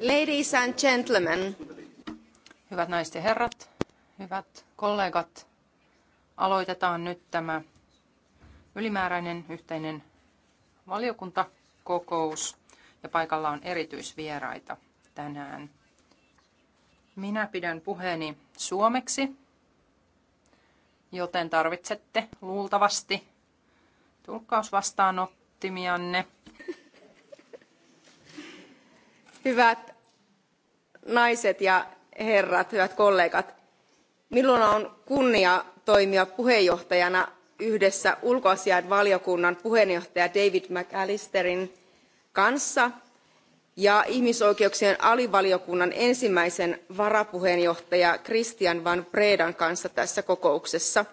Ladies and gentlemen. Hyvät naiset ja herrat, hyvät kollegat, aloitetaan nyt tämä ylimääräinen yhteinen valiokuntakokous ja paikalla on erityisvieraita tänään. Minä pidän puheeni suomeksi, joten tarvitsette luultavasti tulkkausvastaanottimianne. Hyvät naiset ja herrat, hyvät kollegat, minulla on kunnia toimia puheenjohtajana yhdessä ulkoasiainvaliokunnan puheenjohtaja David McAllisterin kanssa ja ihmisoikeuksien alivaliokunnan ensimmäisen varapuheenjohtaja Christian van Bredan kanssa tässä kokouksessa,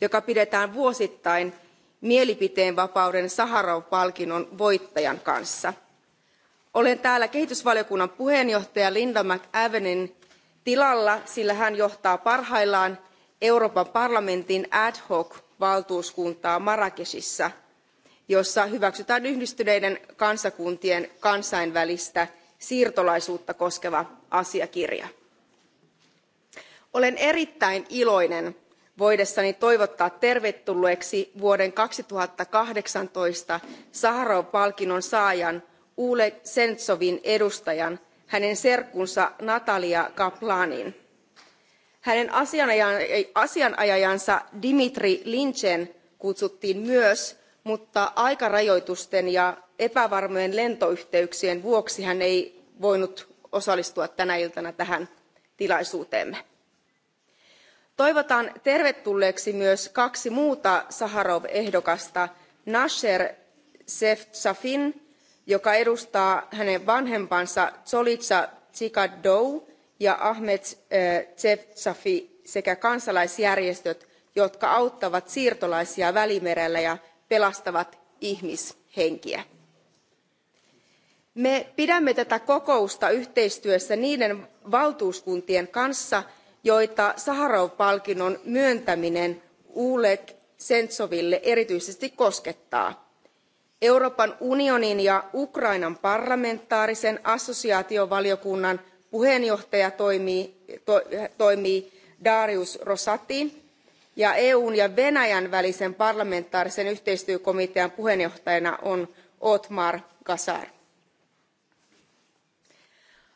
joka pidetään vuosittain mielipiteenvapauden Saharov-palkinnon voittajan kanssa – olen täällä kehitysvaliokunnan puheenjohtaja Linda McAvenin tilalla, sillä hän johtaa parhaillaan Euroopan parlamentin ad hoc valtuuskuntaa Marrakeshissa, jossa hyväksytään yhdistyneiden kansakuntien kansainvälistä siirtolaisuutta koskeva asiakirja. Olen erittäin iloinen voidessani toivottaa tervetulleeksi vuoden 2018 Saharov-palkinnon saajan oleg Sentsovin edustajan, hänen serkkunsa Natalia Kaplanin. Hänen asianajajansa Dimitri Linchen kutsuttiin myös, mutta aikarajoitusten ja epävarmojen lentoyhteyksien vuoksi hän ei voinut osallistua tänä iltana tähän tilaisuuteemme. Toivotan tervetulleeksi myös kaksi muuta Saharov-ehdokasta, Nasher Seftsafin joka edustaa hänen vanhempansa zolitsa dzhigardou ja ahmed zewsafi eh, sekä kansalaisjärjestöt jotka auttavat siirtolaisia välimerellä ja pelastavat ihmishenkiä. me pidämme tätä kokousta yhteistyössä niiden valtuuskuntien kanssa joita saharov palkinnon myöntäminen oleg sentsoville erityisesti koskettaa euroopan unionin ja ukrainan parlamentaarisen assosiaatiovaliokunnan puheenjohtaja toimii, darius rosati ja eun ja venäjän välisen parlamentaarisen yhteistyökomitean puheenjohtajana on othmar kaczar.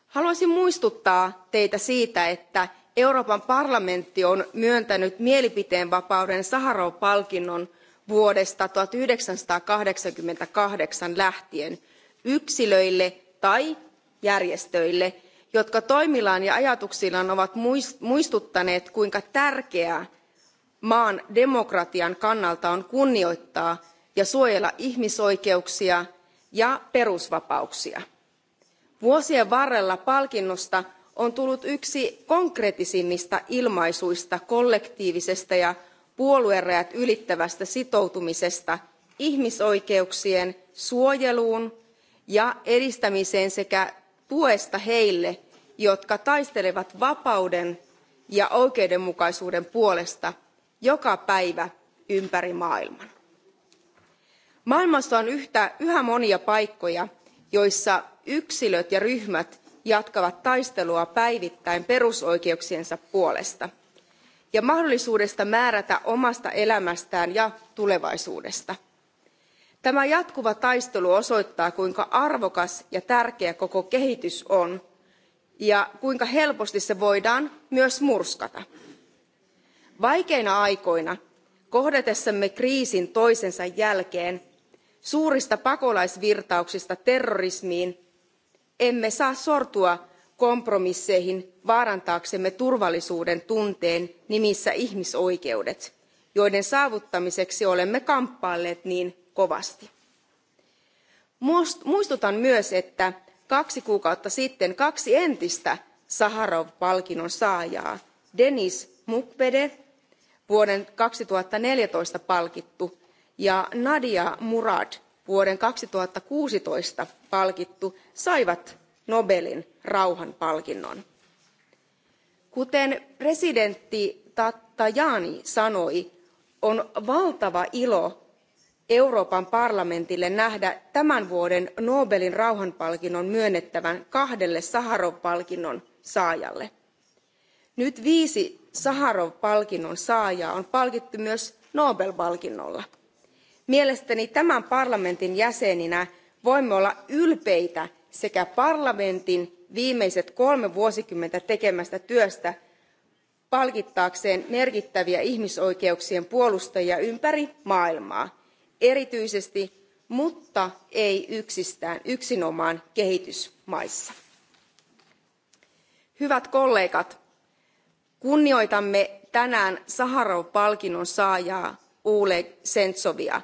haluaisin muistuttaa teitä siitä että euroopan parlamentti on myöntänyt mielipiteenvapauden saharov palkinnon vuodesta tuhat yhdeksänsataakahdeksankymmentäkahdeksan lähtien yksilöille tai järjestöille jotka toimillaan ja ajatuksillaan ovat muistuttaneet kuinka tärkeää maan demokratian kannalta on kunnioittaa ja suojella ihmisoikeuksia ja perusvapauksia. vuosien varrella palkinnosta on tullut yksi konkreettisimmista ilmaisuista kollektiivisesta ja puoluerajat ylittävästä sitoutumisesta ihmisoikeuksien suojeluun ja edistämiseen sekä tuesta heille jotka taistelevat vapauden ja oikeudenmukaisuuden puolesta joka päivä ympäri maailman. maailmassa on yhtä, yhä monia paikkoja joissa yksilöt ja ryhmät jatkavat taistelua päivittäin perusoikeuksiensa puolesta – ja mahdollisuudesta määrätä omasta elämästään ja tulevaisuudesta. Tämä jatkuva taistelu osoittaa, kuinka arvokas ja tärkeä koko kehitys on ja kuinka helposti se voidaan myös murskata. Vaikeina aikoina, kohdatessamme kriisin toisensa jälkeen, suurista pakolaisvirtauksista terrorismiin, emme saa sortua kompromisseihin vaarantaaksemme turvallisuuden tunteen nimissä ihmisoikeudet joiden saavuttamiseksi olemme kamppailleet niin kovasti. muistutan myös että kaksi kuukautta sitten kaksi entistä saharov palkinnon saajaa denis mukwege vuoden kaksituhatta neljätoista palkittu ja nadia murad vuoden kaksituhatta kuusitoista palkittu saivat Nobelin rauhanpalkinnon. Kuten presidentti Tajani sanoi, on valtava ilo Euroopan parlamentille nähdä tämän vuoden Nobelin rauhanpalkinnon myönnettävän kahdelle Saharov-palkinnon saajalle. Nyt viisi Saharov-palkinnon saajaa on palkittu myös Nobel-palkinnolla. Mielestäni tämän parlamentin jäseninä voimme olla ylpeitä sekä parlamentin viimeiset kolme vuosikymmentä tekemästä työstä palkittaakseen merkittäviä ihmisoikeuksien puolustajia ympäri maailmaa erityisesti mutta ei yksistään yksinomaan kehitysmaissa. Hyvät kollegat, kunnioitamme tänään Saharov palkinnon saajaa Oleg Sentsovia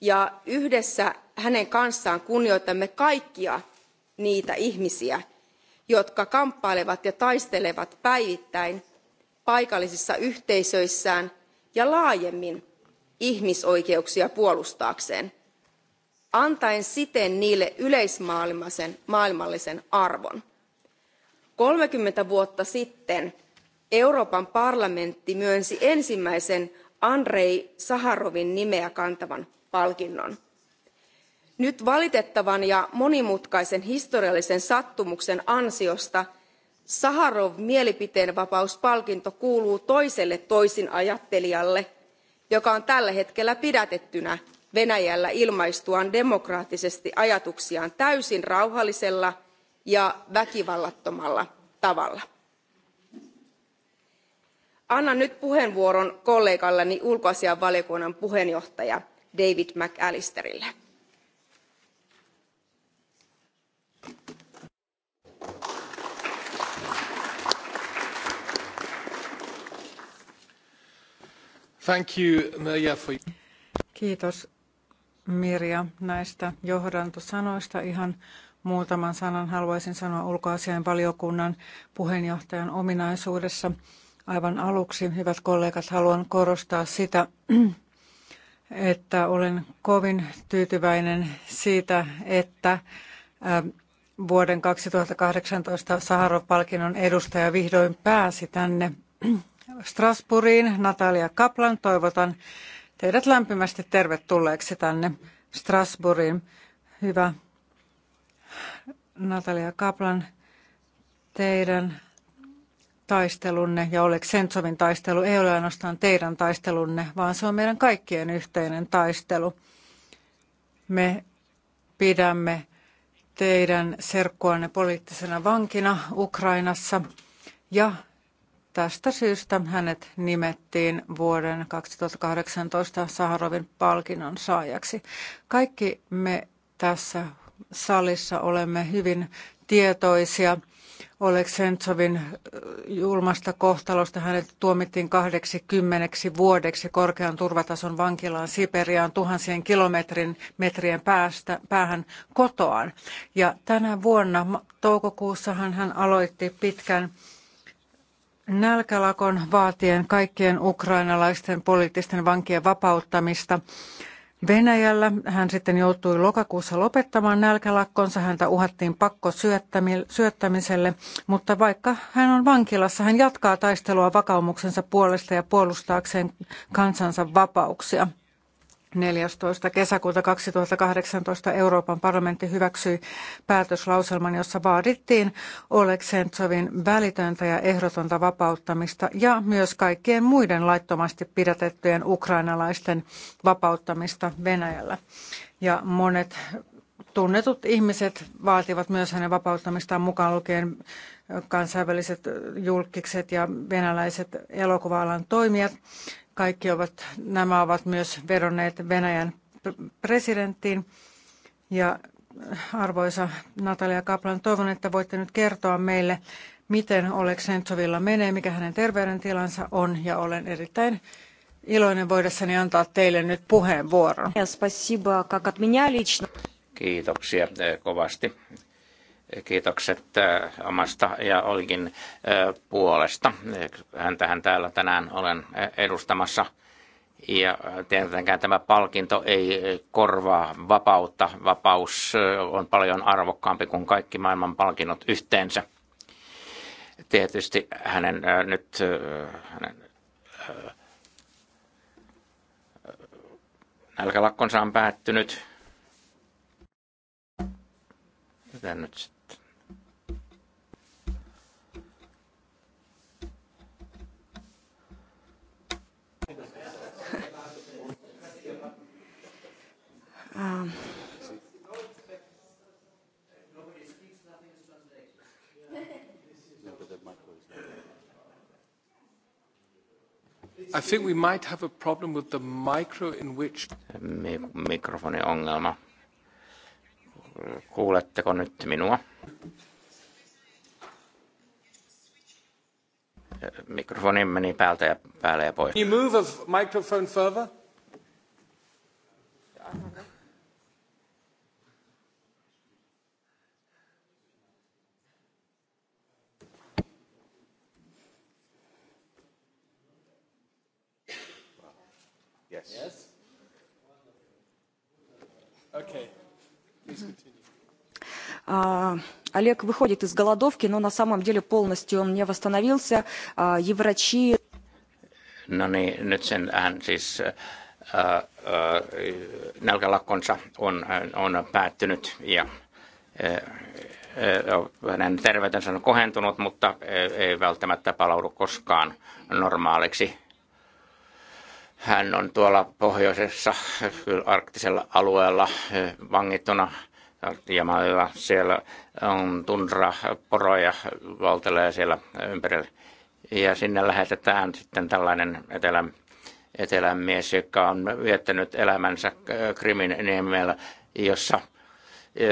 ja yhdessä hänen kanssaan kunnioitamme kaikkia niitä ihmisiä, jotka kamppailevat ja taistelevat päivittäin paikallisissa yhteisöissään ja laajemmin ihmisoikeuksia puolustaakseen, antaen siten niille yleismaailmallisen arvon. 30 vuotta sitten Euroopan parlamentti myönsi ensimmäisen Andrei Saharovin nimeä kantavan palkinnon. Nyt valitettavan ja monimutkaisen historiallisen sattumuksen ansiosta Saharov mielipiteenvapauspalkinto kuuluu toiselle toisinajattelijalle, joka on tällä hetkellä pidätettynä Venäjällä ilmaistuaan demokraattisesti ajatuksiaan täysin rauhallisella ja väkivallattomalla tavalla. Annan nyt puheenvuoron kollegallani ulkoasianvaliokunnan puheenjohtaja David McAllisterille. Kiitos Mirja näistä johdantosanoista. Ihan muutaman sanan haluaisin sanoa ulkoasian valiokunnan puheenjohtajan ominaisuudessa. Aivan aluksi, hyvät kollegat, haluan korostaa sitä, että olen kovin tyytyväinen siitä, että vuoden 2018 Saharov-palkinnon edustaja vihdoin pääsi tänne Strasbourgiin. Natalia Kaplan, toivotan teidät lämpimästi tervetulleeksi tänne Strasbourgiin. Hyvä Natalia Kaplan, teidän taistelunne ja Oleg Sentsovin taistelu ei ole ainoastaan teidän taistelunne, vaan se on meidän kaikkien yhteinen taistelu. Me pidämme teidän serkkuanne poliittisena vankina Ukrainassa ja Tästä syystä hänet nimettiin vuoden 2018 Saharovin palkinnon saajaksi. Kaikki me tässä salissa olemme hyvin tietoisia Sentsovin julmasta kohtalosta. Hänet tuomittiin 80 vuodeksi korkean turvatason vankilaan Siperiaan tuhansien kilometrin metrien päästä, päähän kotoaan. Ja tänä vuonna toukokuussahan hän aloitti pitkän nälkälakon vaatien kaikkien ukrainalaisten poliittisten vankien vapauttamista. Venäjällä hän sitten joutui lokakuussa lopettamaan nälkälakkonsa, häntä uhattiin pakko syöttämiselle, mutta vaikka hän on vankilassa, hän jatkaa taistelua vakaumuksensa puolesta ja puolustaakseen kansansa vapauksia. 14. kesäkuuta 2018 Euroopan parlamentti hyväksyi päätöslauselman, jossa vaadittiin Oleg Sentsovin välitöntä ja ehdotonta vapauttamista ja myös kaikkien muiden laittomasti pidätettyjen ukrainalaisten vapauttamista Venäjällä. Ja monet tunnetut ihmiset vaativat myös hänen vapauttamistaan mukaan lukien kansainväliset julkikset ja venäläiset elokuva-alan toimijat. Kaikki ovat, nämä ovat myös vedonneet Venäjän presidenttiin. Ja äh, arvoisa Natalia Kaplan, toivon, että voitte nyt kertoa meille, miten Oleksentsovilla menee, mikä hänen terveydentilansa on ja olen erittäin iloinen voidessani antaa teille nyt puheenvuoron. Kiitoksia eh, kovasti Kiitokset äh, omasta ja olikin äh, puolesta. Häntähän täällä tänään olen äh, edustamassa. Ja tietenkään tämä palkinto ei korvaa vapautta. Vapaus on paljon arvokkaampi kuin kaikki maailman palkinnot yhteensä. Tietysti hänen nyt hänen, nälkälakkonsa on päättynyt. Mitä nyt Um, I think we might have a problem with the micro in which... ongelma. Kuuletteko nyt minua? Mikrofoni meni päältä ja päälle ja pois. Can you move a microphone further? Yes. Yes. Okay. Please continue. Олег выходит из голодовки, но на самом деле полностью он не восстановился. Еврачи... No niin, nyt sen hän siis äh, äh, nälkälakkonsa on, on päättynyt ja äh, hänen terveytensä on kohentunut, mutta ei välttämättä palaudu koskaan normaaliksi hän on tuolla pohjoisessa arktisella alueella vangittuna Jamalilla. Siellä on tundra, poroja valtelee siellä ympärillä. Ja sinne lähetetään sitten tällainen etelän, etelän mies, joka on viettänyt elämänsä Krimin niemellä, jossa e,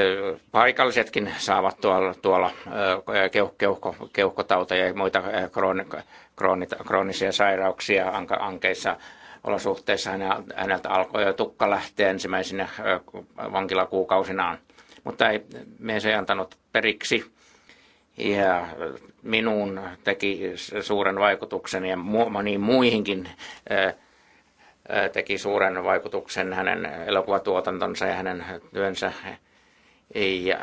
paikallisetkin saavat tuolla, tuolla e, keuhko, keuhkotauteja ja muita e, kroonita, kroonisia sairauksia ankeissa olosuhteissa häneltä alkoi jo tukka lähteä ensimmäisenä vankilakuukausinaan. Mutta ei, mies ei antanut periksi ja minuun teki suuren vaikutuksen ja moniin muihinkin teki suuren vaikutuksen hänen elokuvatuotantonsa ja hänen työnsä. Ja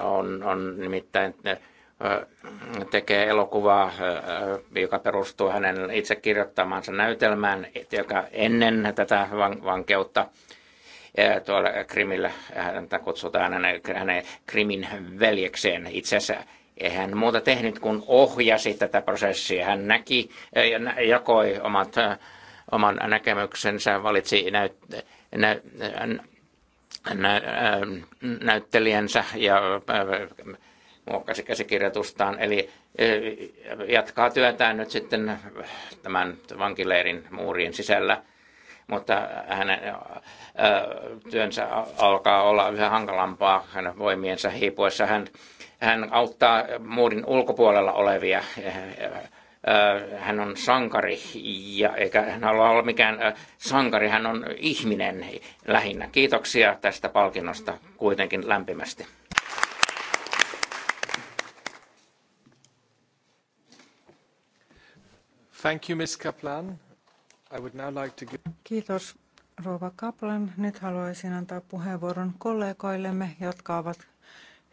on, on nimittäin tekee elokuvaa, joka perustuu hänen itse kirjoittamansa näytelmään, joka ennen tätä vankeutta tuolla Krimillä, häntä kutsutaan hänen, hänen Krimin veljekseen itse asiassa. Ei hän muuta tehnyt kuin ohjasi tätä prosessia. Hän näki ja jakoi omat, oman näkemyksensä, valitsi näyt, nä, nä, nä, näyttelijänsä ja muokkasi käsikirjoitustaan, eli e, jatkaa työtään nyt sitten tämän vankileirin muurien sisällä, mutta hänen e, työnsä alkaa olla yhä hankalampaa hänen voimiensa hiipuessa. Hän, hän auttaa muurin ulkopuolella olevia e, hän on sankari, ja eikä hän halua olla mikään sankari, hän on ihminen lähinnä. Kiitoksia tästä palkinnosta kuitenkin lämpimästi. Thank you, Ms. Kaplan. I would now like to give... Kiitos, Rouva Kaplan. Nyt haluaisin antaa puheenvuoron kollegoillemme, jotka ovat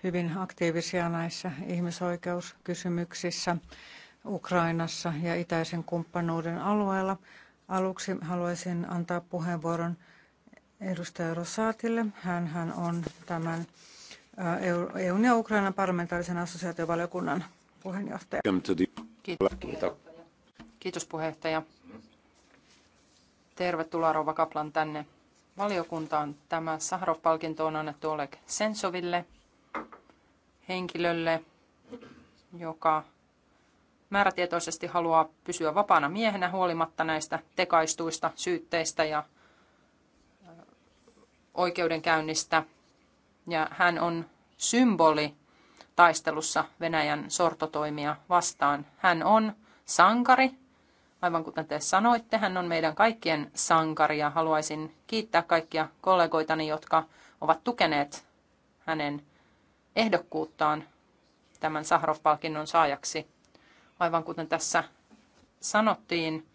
hyvin aktiivisia näissä ihmisoikeuskysymyksissä Ukrainassa ja itäisen kumppanuuden alueella. Aluksi haluaisin antaa puheenvuoron edustaja Rosaatille. Hän, hän on tämän EUn ja Ukrainan parlamentaarisen assosiaatiovaliokunnan puheenjohtaja. Kiitos. Kiitos. Kiitos puheenjohtaja. Tervetuloa Rova Kaplan tänne valiokuntaan. Tämä Saharov-palkinto on annettu Oleg Sensoville, henkilölle, joka määrätietoisesti haluaa pysyä vapaana miehenä huolimatta näistä tekaistuista syytteistä ja oikeudenkäynnistä. Ja hän on symboli taistelussa Venäjän sortotoimia vastaan. Hän on sankari, Aivan kuten te sanoitte, hän on meidän kaikkien sankari ja haluaisin kiittää kaikkia kollegoitani, jotka ovat tukeneet hänen ehdokkuuttaan tämän Sahrov-palkinnon saajaksi. Aivan kuten tässä sanottiin,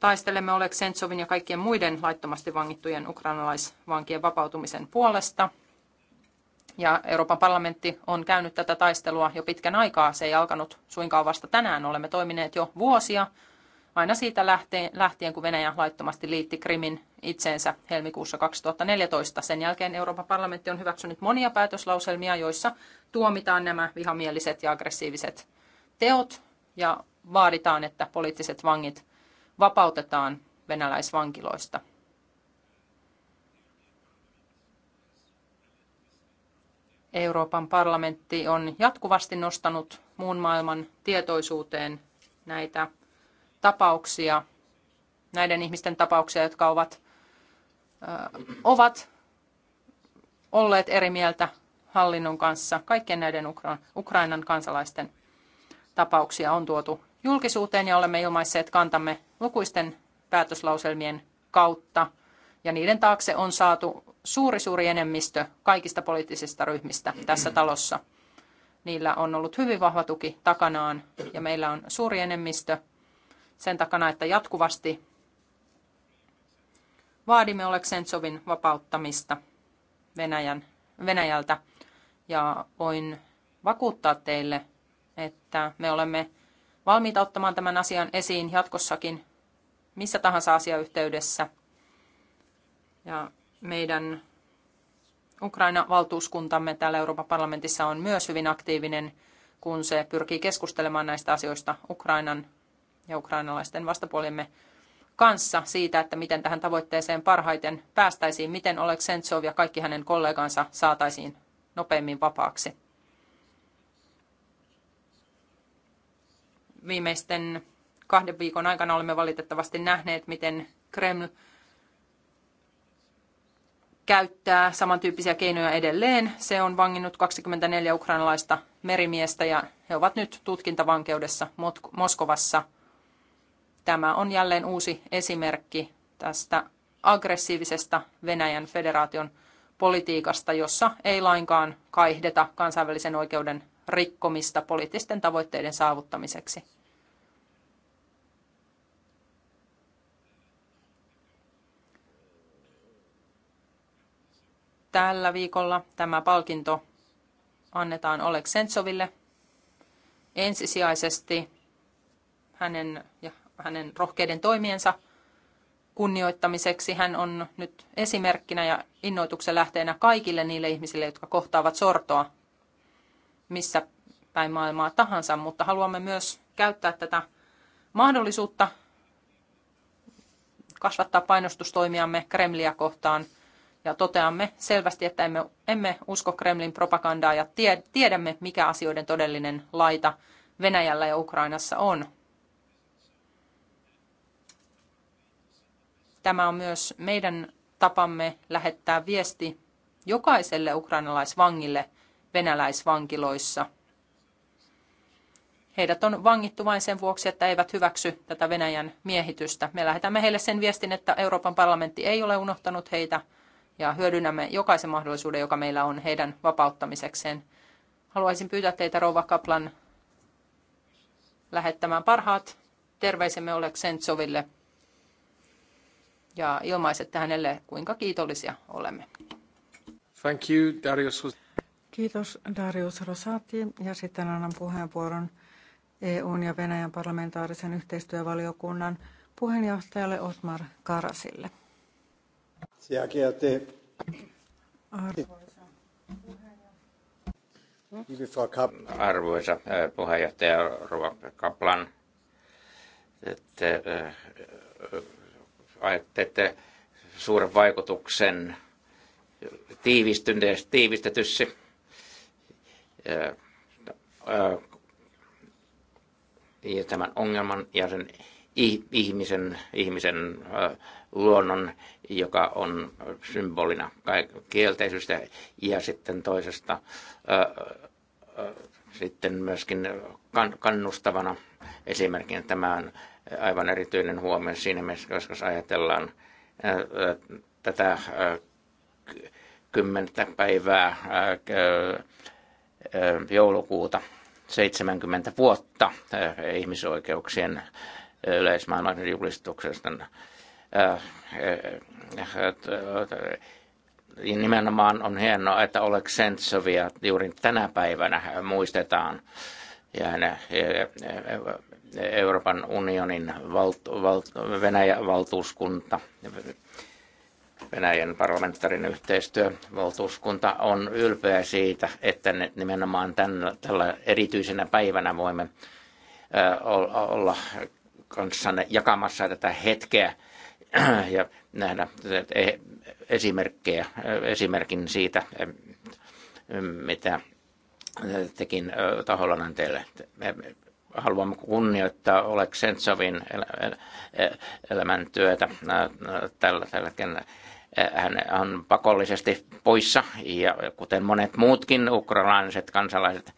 taistelemme Oleksentsovin ja kaikkien muiden laittomasti vangittujen ukrainalaisvankien vapautumisen puolesta – ja Euroopan parlamentti on käynyt tätä taistelua jo pitkän aikaa. Se ei alkanut suinkaan vasta tänään. Olemme toimineet jo vuosia, aina siitä lähtien, kun Venäjä laittomasti liitti Krimin itseensä helmikuussa 2014. Sen jälkeen Euroopan parlamentti on hyväksynyt monia päätöslauselmia, joissa tuomitaan nämä vihamieliset ja aggressiiviset teot ja vaaditaan, että poliittiset vangit vapautetaan venäläisvankiloista. Euroopan parlamentti on jatkuvasti nostanut muun maailman tietoisuuteen näitä tapauksia, näiden ihmisten tapauksia, jotka ovat, ovat olleet eri mieltä hallinnon kanssa. Kaikkien näiden Ukrainan kansalaisten tapauksia on tuotu julkisuuteen ja olemme ilmaisseet kantamme lukuisten päätöslauselmien kautta – ja niiden taakse on saatu suuri suuri enemmistö kaikista poliittisista ryhmistä tässä talossa. Niillä on ollut hyvin vahva tuki takanaan ja meillä on suuri enemmistö sen takana, että jatkuvasti vaadimme Oleksentsovin vapauttamista Venäjän, Venäjältä ja voin vakuuttaa teille, että me olemme valmiita ottamaan tämän asian esiin jatkossakin missä tahansa asiayhteydessä – ja meidän Ukraina-valtuuskuntamme täällä Euroopan parlamentissa on myös hyvin aktiivinen, kun se pyrkii keskustelemaan näistä asioista Ukrainan ja ukrainalaisten vastapuolimme kanssa siitä, että miten tähän tavoitteeseen parhaiten päästäisiin, miten Oleg Sentsov ja kaikki hänen kollegansa saataisiin nopeammin vapaaksi. Viimeisten kahden viikon aikana olemme valitettavasti nähneet, miten Kreml käyttää samantyyppisiä keinoja edelleen. Se on vanginnut 24 ukrainalaista merimiestä ja he ovat nyt tutkintavankeudessa Moskovassa. Tämä on jälleen uusi esimerkki tästä aggressiivisesta Venäjän federaation politiikasta, jossa ei lainkaan kaihdeta kansainvälisen oikeuden rikkomista poliittisten tavoitteiden saavuttamiseksi. Tällä viikolla tämä palkinto annetaan Oleg Sentsoville ensisijaisesti hänen, ja hänen rohkeiden toimiensa kunnioittamiseksi. Hän on nyt esimerkkinä ja innoituksen lähteenä kaikille niille ihmisille, jotka kohtaavat sortoa missä päin maailmaa tahansa, mutta haluamme myös käyttää tätä mahdollisuutta kasvattaa painostustoimiamme Kremliä kohtaan – ja toteamme selvästi, että emme, emme usko Kremlin propagandaa ja tie, tiedämme, mikä asioiden todellinen laita Venäjällä ja Ukrainassa on. Tämä on myös meidän tapamme lähettää viesti jokaiselle ukrainalaisvangille venäläisvankiloissa. Heidät on vangittu vain sen vuoksi, että eivät hyväksy tätä Venäjän miehitystä. Me lähetämme heille sen viestin, että Euroopan parlamentti ei ole unohtanut heitä – ja hyödynnämme jokaisen mahdollisuuden, joka meillä on heidän vapauttamisekseen. Haluaisin pyytää teitä, Rouva Kaplan, lähettämään parhaat terveisemme Sentsoville ja ilmaisette hänelle, kuinka kiitollisia olemme. Thank you, Darius. Kiitos Darius Rosati ja sitten annan puheenvuoron EUn ja Venäjän parlamentaarisen yhteistyövaliokunnan puheenjohtajalle Otmar Karasille. Sehr geehrte Arvoisa puheenjohtaja Rova Kaplan, te, ajattelette suuren vaikutuksen tiivistetyssä ja tämän ongelman ja sen ihmisen, ihmisen luonnon, joka on symbolina kielteisystä ja sitten toisesta sitten myöskin kannustavana esimerkkinä tämä on aivan erityinen huomio siinä mielessä, koska ajatellaan tätä kymmentä päivää joulukuuta 70 vuotta ihmisoikeuksien yleismaailman julistuksesta Äh, äh, äh, nimenomaan on hienoa, että Oleg Sentsovia juuri tänä päivänä muistetaan ja Euroopan unionin valt, valt, Venäjän valtuuskunta, Venäjän parlamentaarinen yhteistyövaltuuskunta on ylpeä siitä, että nimenomaan tämän, tällä erityisenä päivänä voimme olla kanssanne jakamassa tätä hetkeä ja nähdä e- esimerkkejä, esimerkin siitä, mitä tekin Taholainen teille. Haluamme kunnioittaa Oleg Sentsovin e- elämäntyötä tällä, tällä hetkellä. E, hän on pakollisesti poissa, ja kuten monet muutkin ukrainalaiset kansalaiset,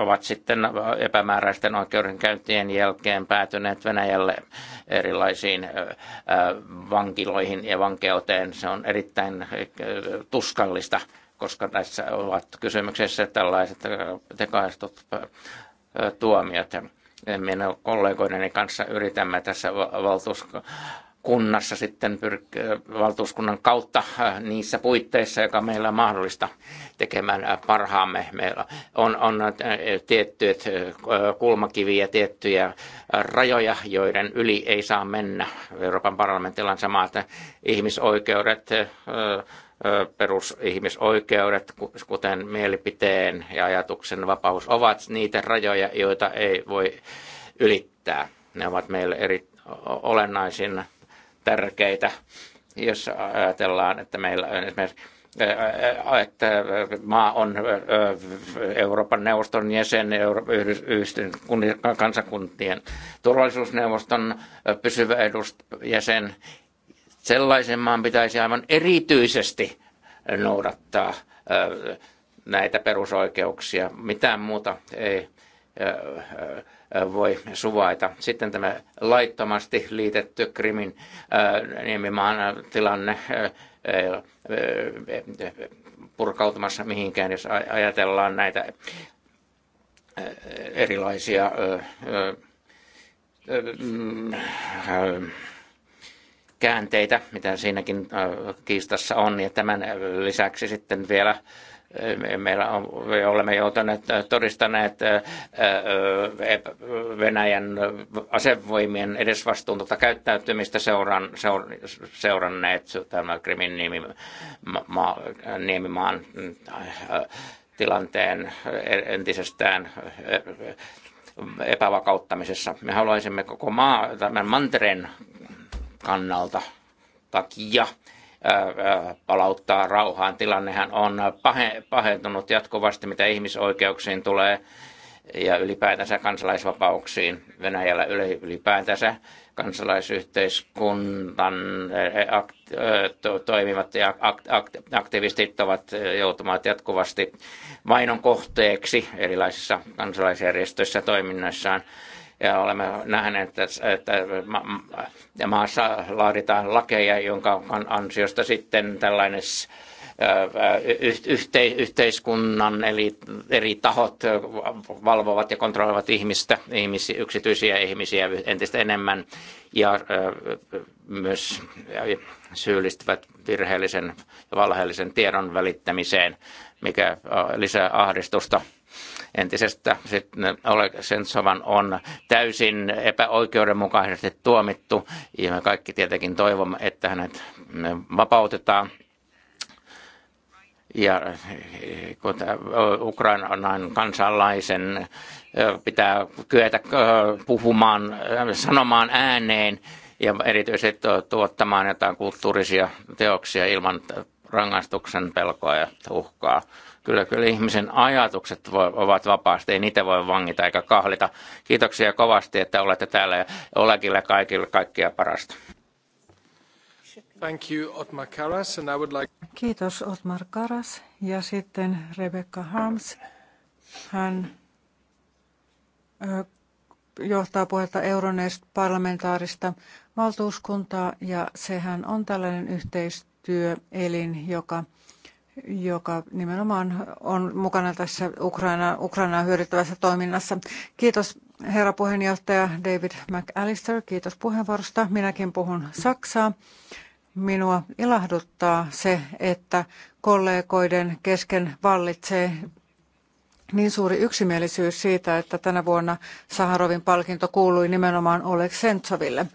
ovat sitten epämääräisten oikeudenkäyntien jälkeen päätyneet Venäjälle erilaisiin vankiloihin ja vankeuteen. Se on erittäin tuskallista, koska tässä ovat kysymyksessä tällaiset tekaistut tuomiot minä kollegoideni kanssa yritämme tässä valtuus, kunnassa sitten pyr- äh, valtuuskunnan kautta äh, niissä puitteissa, joka meillä on mahdollista tekemään äh, parhaamme. Meillä on, on tiettyjä kulmakiviä, tiettyjä rajoja, joiden yli ei saa mennä. Euroopan parlamentilla on että ihmisoikeudet, perusihmisoikeudet, kuten mielipiteen ja ajatuksen vapaus, ovat niitä rajoja, joita ei voi ylittää. Ne ovat meille eri olennaisin tärkeitä, jos ajatellaan, että meillä on esimerkiksi että maa on Euroopan neuvoston jäsen, yhdistyn kansakuntien turvallisuusneuvoston pysyvä edust- jäsen. Sellaisen maan pitäisi aivan erityisesti noudattaa näitä perusoikeuksia. Mitään muuta ei voi suvaita. Sitten tämä laittomasti liitetty Krimin niemimaan tilanne purkautumassa mihinkään, jos ajatellaan näitä erilaisia mm, käänteitä, mitä siinäkin kiistassa on, ja tämän lisäksi sitten vielä meillä on, me olemme joutuneet äh, todistaneet äh, äh, Venäjän asevoimien edesvastuunta käyttäytymistä seuran seuranneet tämän Krimin niemimaan tilanteen entisestään epävakauttamisessa. Me haluaisimme koko maa, tämän mantereen kannalta takia palauttaa rauhaan. Tilannehan on pahentunut jatkuvasti, mitä ihmisoikeuksiin tulee ja ylipäätänsä kansalaisvapauksiin Venäjällä ylipäätänsä kansalaisyhteiskuntan toimivat ja aktivistit ovat joutumaan jatkuvasti mainon kohteeksi erilaisissa kansalaisjärjestöissä toiminnassaan ja olemme nähneet, että, että maassa laaditaan lakeja, jonka ansiosta sitten tällainen yhte, yhteiskunnan eli eri tahot valvovat ja kontrolloivat ihmistä, ihmisiä, yksityisiä ihmisiä entistä enemmän ja myös syyllistyvät virheellisen ja valheellisen tiedon välittämiseen, mikä lisää ahdistusta entisestä. Sitten Oleg Sentsovan on täysin epäoikeudenmukaisesti tuomittu ja me kaikki tietenkin toivomme, että hänet vapautetaan. Ja kun Ukrainan kansalaisen pitää kyetä puhumaan, sanomaan ääneen ja erityisesti tuottamaan jotain kulttuurisia teoksia ilman rangaistuksen pelkoa ja uhkaa. Kyllä, kyllä ihmisen ajatukset voi, ovat vapaasti, ei niitä voi vangita eikä kahlita. Kiitoksia kovasti, että olette täällä ja olekille kaikille kaikkea parasta. Thank you, Otmar Karas, and I would like... Kiitos Otmar Karas ja sitten Rebecca Harms. Hän johtaa puhetta Euronest parlamentaarista valtuuskuntaa ja sehän on tällainen yhteistyöelin, joka joka nimenomaan on mukana tässä Ukraina, Ukrainaa hyödyttävässä toiminnassa. Kiitos herra puheenjohtaja David McAllister, kiitos puheenvuorosta. Minäkin puhun Saksaa. Minua ilahduttaa se, että kollegoiden kesken vallitsee niin suuri yksimielisyys siitä, että tänä vuonna Saharovin palkinto kuului nimenomaan Oleg Sentsoville.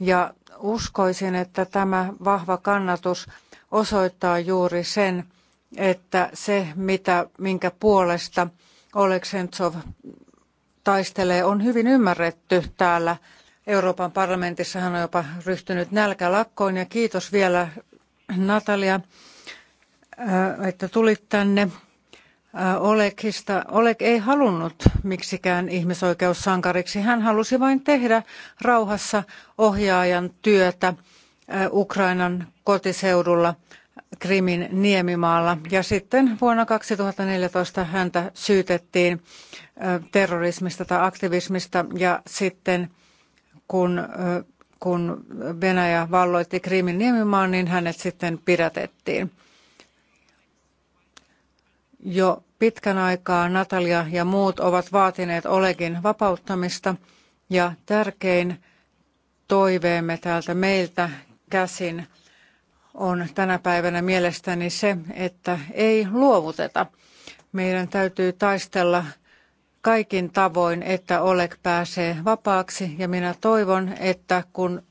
Ja uskoisin, että tämä vahva kannatus osoittaa juuri sen, että se, mitä, minkä puolesta Oleg Sentsov taistelee, on hyvin ymmärretty täällä Euroopan parlamentissa. Hän on jopa ryhtynyt nälkälakkoon ja kiitos vielä Natalia, äh, että tulit tänne. Äh, Olekista. Olek ei halunnut miksikään ihmisoikeussankariksi. Hän halusi vain tehdä rauhassa ohjaajan työtä äh, Ukrainan kotiseudulla – Krimin niemimaalla. Ja sitten vuonna 2014 häntä syytettiin terrorismista tai aktivismista ja sitten kun, kun Venäjä valloitti Krimin niemimaan, niin hänet sitten pidätettiin. Jo pitkän aikaa Natalia ja muut ovat vaatineet Olegin vapauttamista ja tärkein toiveemme täältä meiltä käsin – on tänä päivänä mielestäni se, että ei luovuteta. Meidän täytyy taistella kaikin tavoin, että Oleg pääsee vapaaksi ja minä toivon, että kun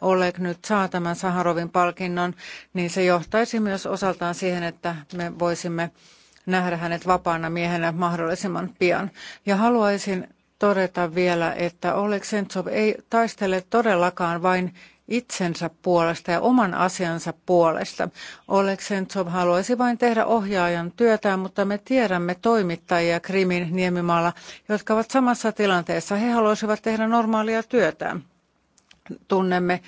Oleg nyt saa tämän Saharovin palkinnon, niin se johtaisi myös osaltaan siihen, että me voisimme nähdä hänet vapaana miehenä mahdollisimman pian. Ja haluaisin todeta vielä, että Oleg Sentsov ei taistele todellakaan vain itsensä puolesta ja oman asiansa puolesta. Sentsov haluaisi vain tehdä ohjaajan työtään, mutta me tiedämme toimittajia Krimin niemimaalla, jotka ovat samassa tilanteessa. He haluaisivat tehdä normaalia työtään. Tunnemme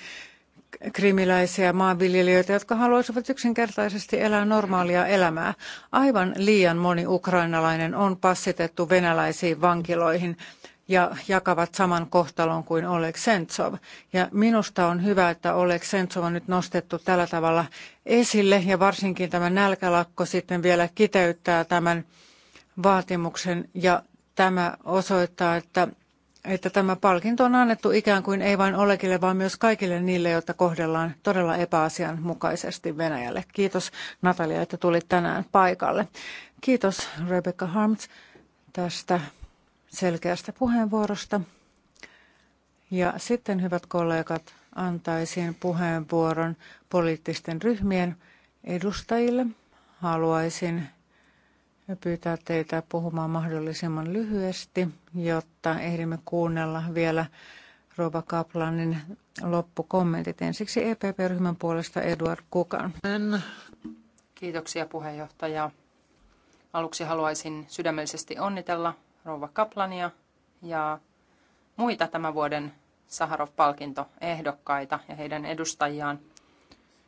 krimiläisiä maanviljelijöitä, jotka haluaisivat yksinkertaisesti elää normaalia elämää. Aivan liian moni ukrainalainen on passitettu venäläisiin vankiloihin ja jakavat saman kohtalon kuin Oleg Sentsov. Ja minusta on hyvä, että Oleg Sentsov on nyt nostettu tällä tavalla esille ja varsinkin tämä nälkälakko sitten vielä kiteyttää tämän vaatimuksen ja tämä osoittaa, että että tämä palkinto on annettu ikään kuin ei vain Olegille, vaan myös kaikille niille, joita kohdellaan todella epäasianmukaisesti Venäjälle. Kiitos Natalia, että tulit tänään paikalle. Kiitos Rebecca Harms tästä selkeästä puheenvuorosta. Ja sitten, hyvät kollegat, antaisin puheenvuoron poliittisten ryhmien edustajille. Haluaisin pyytää teitä puhumaan mahdollisimman lyhyesti, jotta ehdimme kuunnella vielä Rova Kaplanin loppukommentit. Ensiksi EPP-ryhmän puolesta Eduard Kukan. Kiitoksia puheenjohtaja. Aluksi haluaisin sydämellisesti onnitella rouva Kaplania ja muita tämän vuoden Saharov-palkintoehdokkaita ja heidän edustajiaan.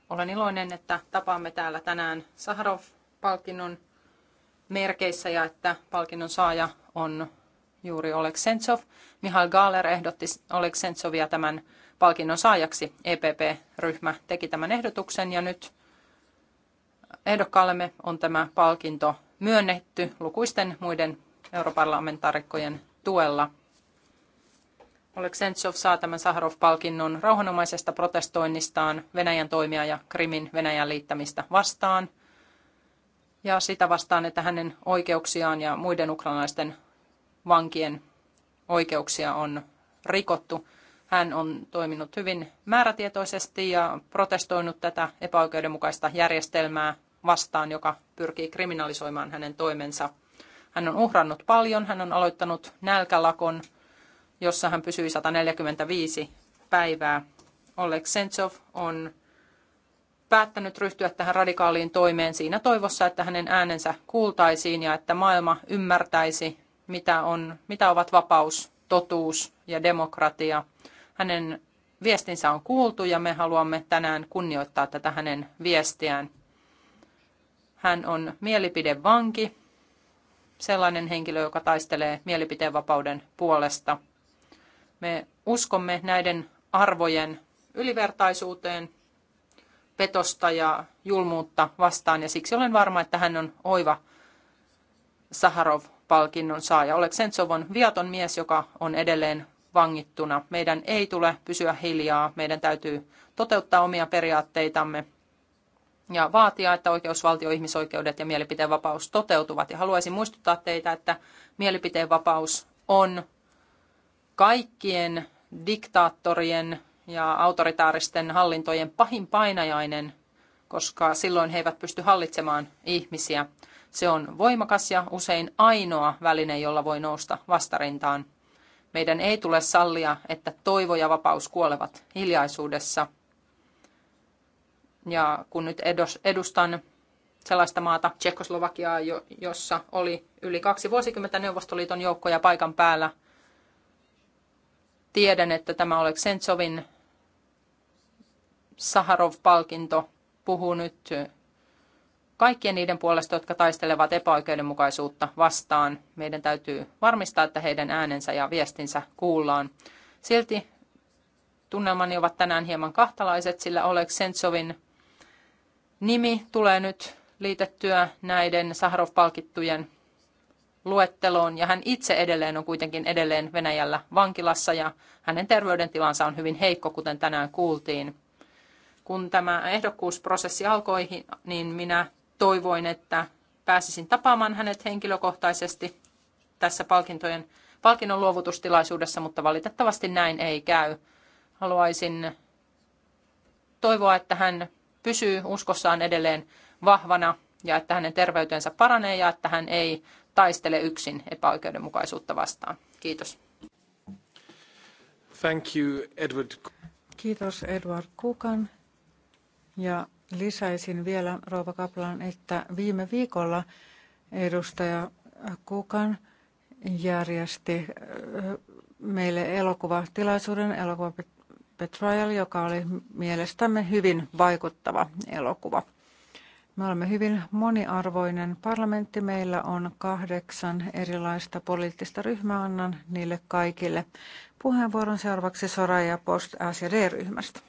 Olen iloinen, että tapaamme täällä tänään Saharov-palkinnon merkeissä ja että palkinnon saaja on juuri Oleksentsov. Mihail Gaaler ehdotti Oleksentsovia tämän palkinnon saajaksi. EPP-ryhmä teki tämän ehdotuksen ja nyt ehdokkaallemme on tämä palkinto myönnetty lukuisten muiden europarlamentaarikkojen tuella. Oleksentsov saa tämän Saharov-palkinnon rauhanomaisesta protestoinnistaan Venäjän toimia ja Krimin Venäjän liittämistä vastaan ja sitä vastaan, että hänen oikeuksiaan ja muiden ukrainalaisten vankien oikeuksia on rikottu. Hän on toiminut hyvin määrätietoisesti ja protestoinut tätä epäoikeudenmukaista järjestelmää vastaan, joka pyrkii kriminalisoimaan hänen toimensa – hän on uhrannut paljon, hän on aloittanut nälkälakon, jossa hän pysyi 145 päivää. Oleg Sentsov on päättänyt ryhtyä tähän radikaaliin toimeen siinä toivossa, että hänen äänensä kuultaisiin ja että maailma ymmärtäisi, mitä, on, mitä ovat vapaus, totuus ja demokratia. Hänen viestinsä on kuultu ja me haluamme tänään kunnioittaa tätä hänen viestiään. Hän on mielipidevanki sellainen henkilö, joka taistelee mielipiteenvapauden puolesta. Me uskomme näiden arvojen ylivertaisuuteen, petosta ja julmuutta vastaan, ja siksi olen varma, että hän on oiva Saharov-palkinnon saaja. Oleksentsov on viaton mies, joka on edelleen vangittuna. Meidän ei tule pysyä hiljaa, meidän täytyy toteuttaa omia periaatteitamme ja vaatia, että oikeusvaltio, ihmisoikeudet ja mielipiteenvapaus toteutuvat. Ja haluaisin muistuttaa teitä, että mielipiteenvapaus on kaikkien diktaattorien ja autoritaaristen hallintojen pahin painajainen, koska silloin he eivät pysty hallitsemaan ihmisiä. Se on voimakas ja usein ainoa väline, jolla voi nousta vastarintaan. Meidän ei tule sallia, että toivo ja vapaus kuolevat hiljaisuudessa – ja kun nyt edustan sellaista maata, Tsekoslovakiaa, jossa oli yli kaksi vuosikymmentä Neuvostoliiton joukkoja paikan päällä, tiedän, että tämä Oleksentsovin Saharov-palkinto puhuu nyt kaikkien niiden puolesta, jotka taistelevat epäoikeudenmukaisuutta vastaan. Meidän täytyy varmistaa, että heidän äänensä ja viestinsä kuullaan. Silti tunnelmani ovat tänään hieman kahtalaiset, sillä Oleg Sentsovin nimi tulee nyt liitettyä näiden Saharov-palkittujen luetteloon ja hän itse edelleen on kuitenkin edelleen Venäjällä vankilassa ja hänen terveydentilansa on hyvin heikko, kuten tänään kuultiin. Kun tämä ehdokkuusprosessi alkoi, niin minä toivoin, että pääsisin tapaamaan hänet henkilökohtaisesti tässä palkintojen, palkinnon luovutustilaisuudessa, mutta valitettavasti näin ei käy. Haluaisin toivoa, että hän pysyy uskossaan edelleen vahvana ja että hänen terveytensä paranee ja että hän ei taistele yksin epäoikeudenmukaisuutta vastaan. Kiitos. Thank you, Edward. Kiitos Edward Kukan. Ja lisäisin vielä Rouva Kaplan, että viime viikolla edustaja Kukan järjesti meille elokuvatilaisuuden. elokuvat Betrayal, joka oli mielestämme hyvin vaikuttava elokuva. Me olemme hyvin moniarvoinen parlamentti. Meillä on kahdeksan erilaista poliittista ryhmää. Annan niille kaikille puheenvuoron seuraavaksi Soraya Post ACD-ryhmästä.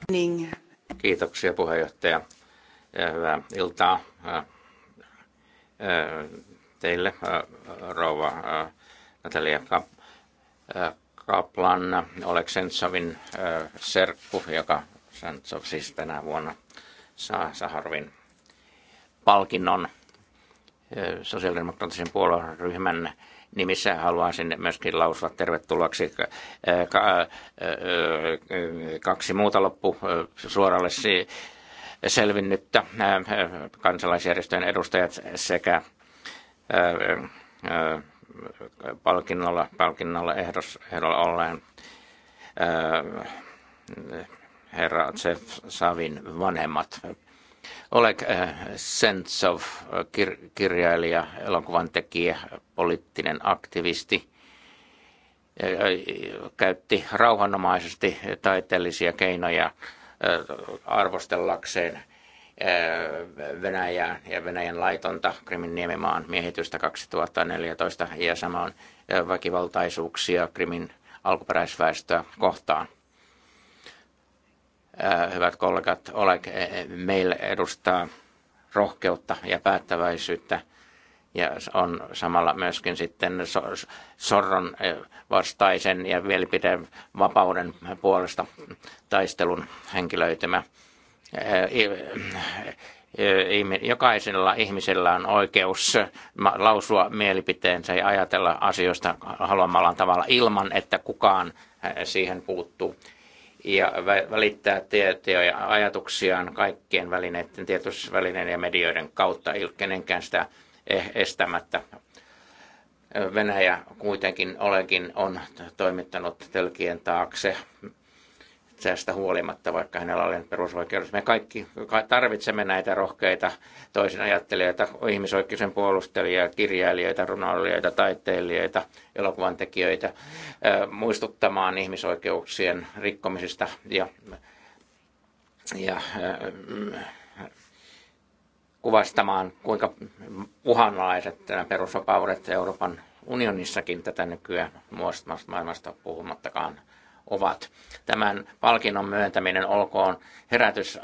Kiitoksia puheenjohtaja. Hyvää iltaa teille, rouva Natalia Kaplan, Oleg Sentsovin serkku, joka Sentsov siis tänä vuonna saa saharvin palkinnon sosiaalidemokraattisen puolueryhmän nimissä haluaisin myöskin lausua tervetulleeksi kaksi muuta loppu suoralle selvinnyttä kansalaisjärjestöjen edustajat sekä palkinnolla, palkinnolla ehdos, ehdolla olleen herra Jeff Savin vanhemmat. Oleg Sentsov, kir- kirjailija, elokuvan tekijä, poliittinen aktivisti, käytti rauhanomaisesti taiteellisia keinoja arvostellakseen – Öö, Venäjään ja Venäjän laitonta Krimin niemimaan miehitystä 2014 ja samoin väkivaltaisuuksia Krimin alkuperäisväestöä kohtaan. Öö, hyvät kollegat, Oleg e, e, meille edustaa rohkeutta ja päättäväisyyttä ja on samalla myöskin sitten sorron vastaisen ja mielipiteen vapauden puolesta taistelun henkilöitymä jokaisella ihmisellä on oikeus lausua mielipiteensä ja ajatella asioista haluamallaan tavalla ilman, että kukaan siihen puuttuu. Ja välittää tietoja ja ajatuksiaan kaikkien välineiden, tietoisvälineiden ja medioiden kautta, ei kenenkään sitä e- estämättä. Venäjä kuitenkin olekin on toimittanut telkien taakse tästä huolimatta, vaikka hänellä oli perusoikeudessa. Me kaikki tarvitsemme näitä rohkeita toisen ajattelijoita, ihmisoikeuksien puolustelijoita, kirjailijoita, runoilijoita, taiteilijoita, elokuvan tekijöitä muistuttamaan ihmisoikeuksien rikkomisista ja, ja kuvastamaan, kuinka uhanalaiset nämä perusvapaudet Euroopan unionissakin tätä nykyään muista maailmasta puhumattakaan – ovat. Tämän palkinnon myöntäminen olkoon herätys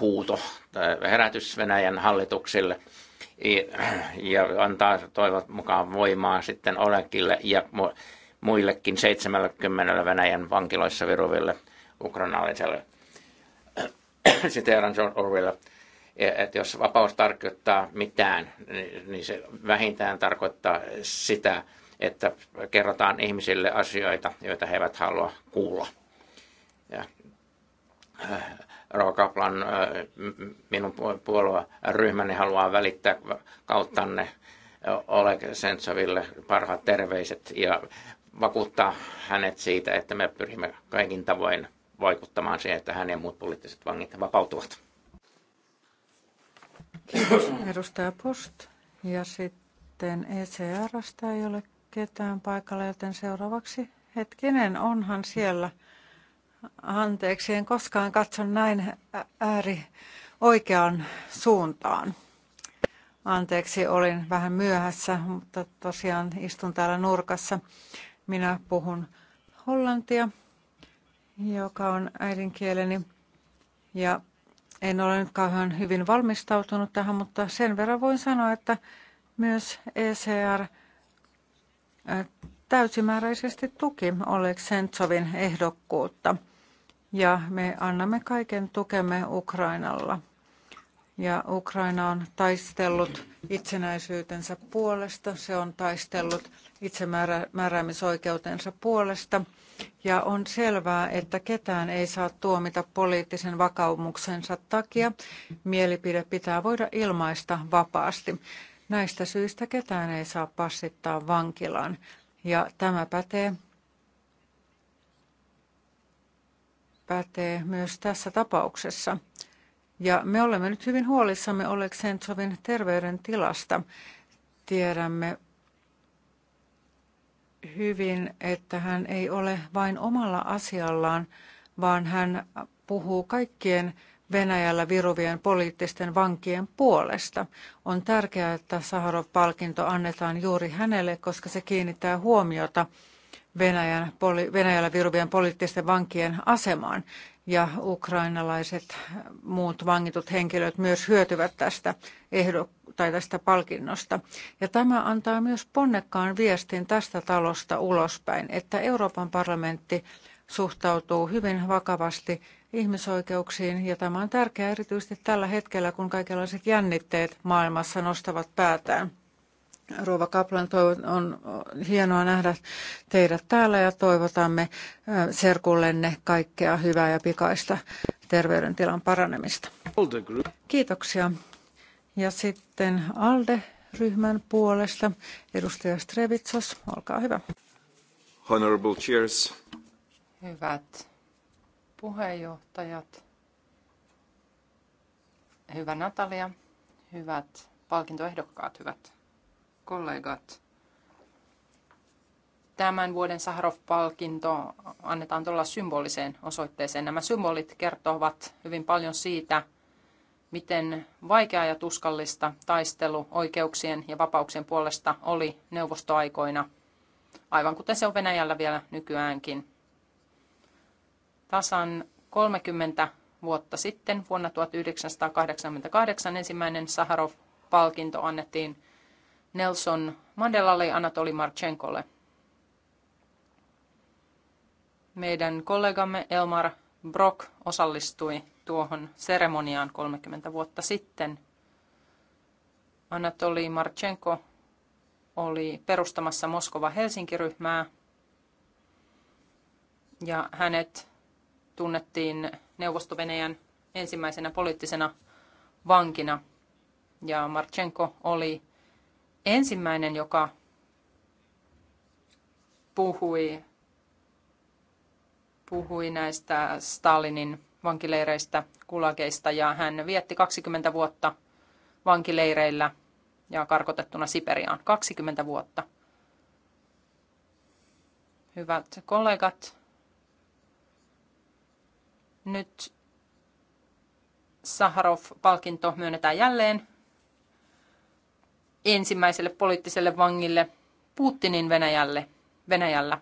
huuto herätys Venäjän hallituksille ja antaa toivot mukaan voimaa sitten Olekille ja muillekin 70 Venäjän vankiloissa viruville ukrainalaiselle. Siteeran John Orwell, e, että jos vapaus tarkoittaa mitään, niin, niin se vähintään tarkoittaa sitä, että kerrotaan ihmisille asioita, joita he eivät halua kuulla. Ja, äh, Kaplan, äh, minun puolueryhmäni haluaa välittää kauttanne äh, Oleg Sentsoville parhaat terveiset ja vakuuttaa hänet siitä, että me pyrimme kaikin tavoin vaikuttamaan siihen, että hän muut poliittiset vangit vapautuvat. Kiitos. Edustaja Post. Ja sitten ECRstä ei ole ketään paikalla, joten seuraavaksi hetkinen, onhan siellä. Anteeksi, en koskaan katso näin ääri oikeaan suuntaan. Anteeksi, olin vähän myöhässä, mutta tosiaan istun täällä nurkassa. Minä puhun hollantia, joka on äidinkieleni. Ja en ole nyt kauhean hyvin valmistautunut tähän, mutta sen verran voin sanoa, että myös ECR – täysimääräisesti tuki Oleg Sentsovin ehdokkuutta ja me annamme kaiken tukemme Ukrainalla. Ja Ukraina on taistellut itsenäisyytensä puolesta, se on taistellut itsemääräämisoikeutensa puolesta ja on selvää, että ketään ei saa tuomita poliittisen vakaumuksensa takia. Mielipide pitää voida ilmaista vapaasti. Näistä syistä ketään ei saa passittaa vankilaan. Ja tämä pätee, pätee myös tässä tapauksessa. Ja me olemme nyt hyvin huolissamme Oleksentsovin terveydentilasta. Tiedämme hyvin, että hän ei ole vain omalla asiallaan, vaan hän puhuu kaikkien Venäjällä viruvien poliittisten vankien puolesta. On tärkeää, että Saharov-palkinto annetaan juuri hänelle, koska se kiinnittää huomiota Venäjän, poli, Venäjällä viruvien poliittisten vankien asemaan ja ukrainalaiset muut vangitut henkilöt myös hyötyvät tästä, ehdo, tai tästä palkinnosta. Ja tämä antaa myös ponnekkaan viestin tästä talosta ulospäin, että Euroopan parlamentti suhtautuu hyvin vakavasti ihmisoikeuksiin, ja tämä on tärkeää erityisesti tällä hetkellä, kun kaikenlaiset jännitteet maailmassa nostavat päätään. Rova Kaplan, on hienoa nähdä teidät täällä ja toivotamme serkullenne kaikkea hyvää ja pikaista terveydentilan paranemista. Kiitoksia. Ja sitten ALDE-ryhmän puolesta edustaja Strevitsos, olkaa hyvä. Honorable chairs. Hyvät puheenjohtajat, hyvä Natalia, hyvät palkintoehdokkaat, hyvät kollegat. Tämän vuoden Saharov-palkinto annetaan tuolla symboliseen osoitteeseen. Nämä symbolit kertovat hyvin paljon siitä, miten vaikeaa ja tuskallista taistelu oikeuksien ja vapauksien puolesta oli neuvostoaikoina, aivan kuten se on Venäjällä vielä nykyäänkin. Tasan 30 vuotta sitten, vuonna 1988, ensimmäinen Saharov-palkinto annettiin Nelson Mandelalle ja Anatoli Marchenkolle. Meidän kollegamme Elmar Brock osallistui tuohon seremoniaan 30 vuotta sitten. Anatoli Marchenko oli perustamassa Moskova-Helsinki-ryhmää ja hänet tunnettiin neuvosto ensimmäisenä poliittisena vankina. Ja Marchenko oli ensimmäinen, joka puhui, puhui näistä Stalinin vankileireistä, kulakeista ja hän vietti 20 vuotta vankileireillä ja karkotettuna Siperiaan. 20 vuotta. Hyvät kollegat, nyt Saharov-palkinto myönnetään jälleen ensimmäiselle poliittiselle vangille Putinin Venäjälle, Venäjällä.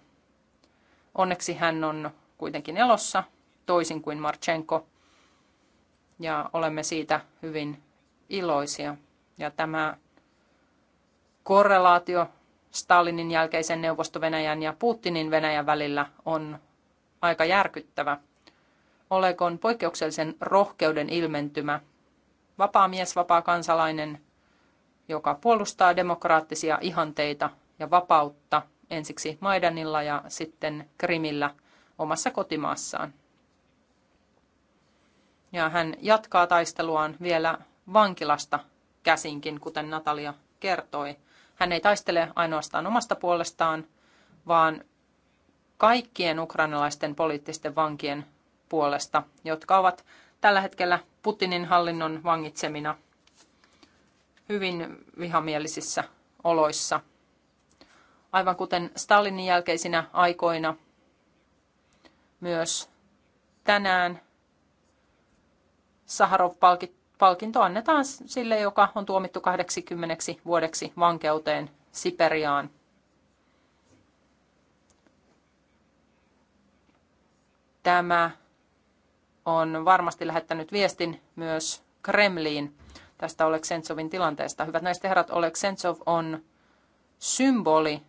Onneksi hän on kuitenkin elossa, toisin kuin Marchenko, ja olemme siitä hyvin iloisia. Ja tämä korrelaatio Stalinin jälkeisen neuvosto Venäjän ja Putinin Venäjän välillä on aika järkyttävä – Olekon poikkeuksellisen rohkeuden ilmentymä. Vapaa mies, vapaa kansalainen, joka puolustaa demokraattisia ihanteita ja vapautta ensiksi Maidanilla ja sitten Krimillä omassa kotimaassaan. Ja hän jatkaa taisteluaan vielä vankilasta käsinkin, kuten Natalia kertoi. Hän ei taistele ainoastaan omasta puolestaan, vaan kaikkien ukrainalaisten poliittisten vankien puolesta, jotka ovat tällä hetkellä Putinin hallinnon vangitsemina hyvin vihamielisissä oloissa. Aivan kuten Stalinin jälkeisinä aikoina, myös tänään Saharov-palkinto annetaan sille, joka on tuomittu 80 vuodeksi vankeuteen Siperiaan. Tämä on varmasti lähettänyt viestin myös Kremliin tästä Oleksentsovin tilanteesta. Hyvät naiset ja herrat, Oleksentsov on symboli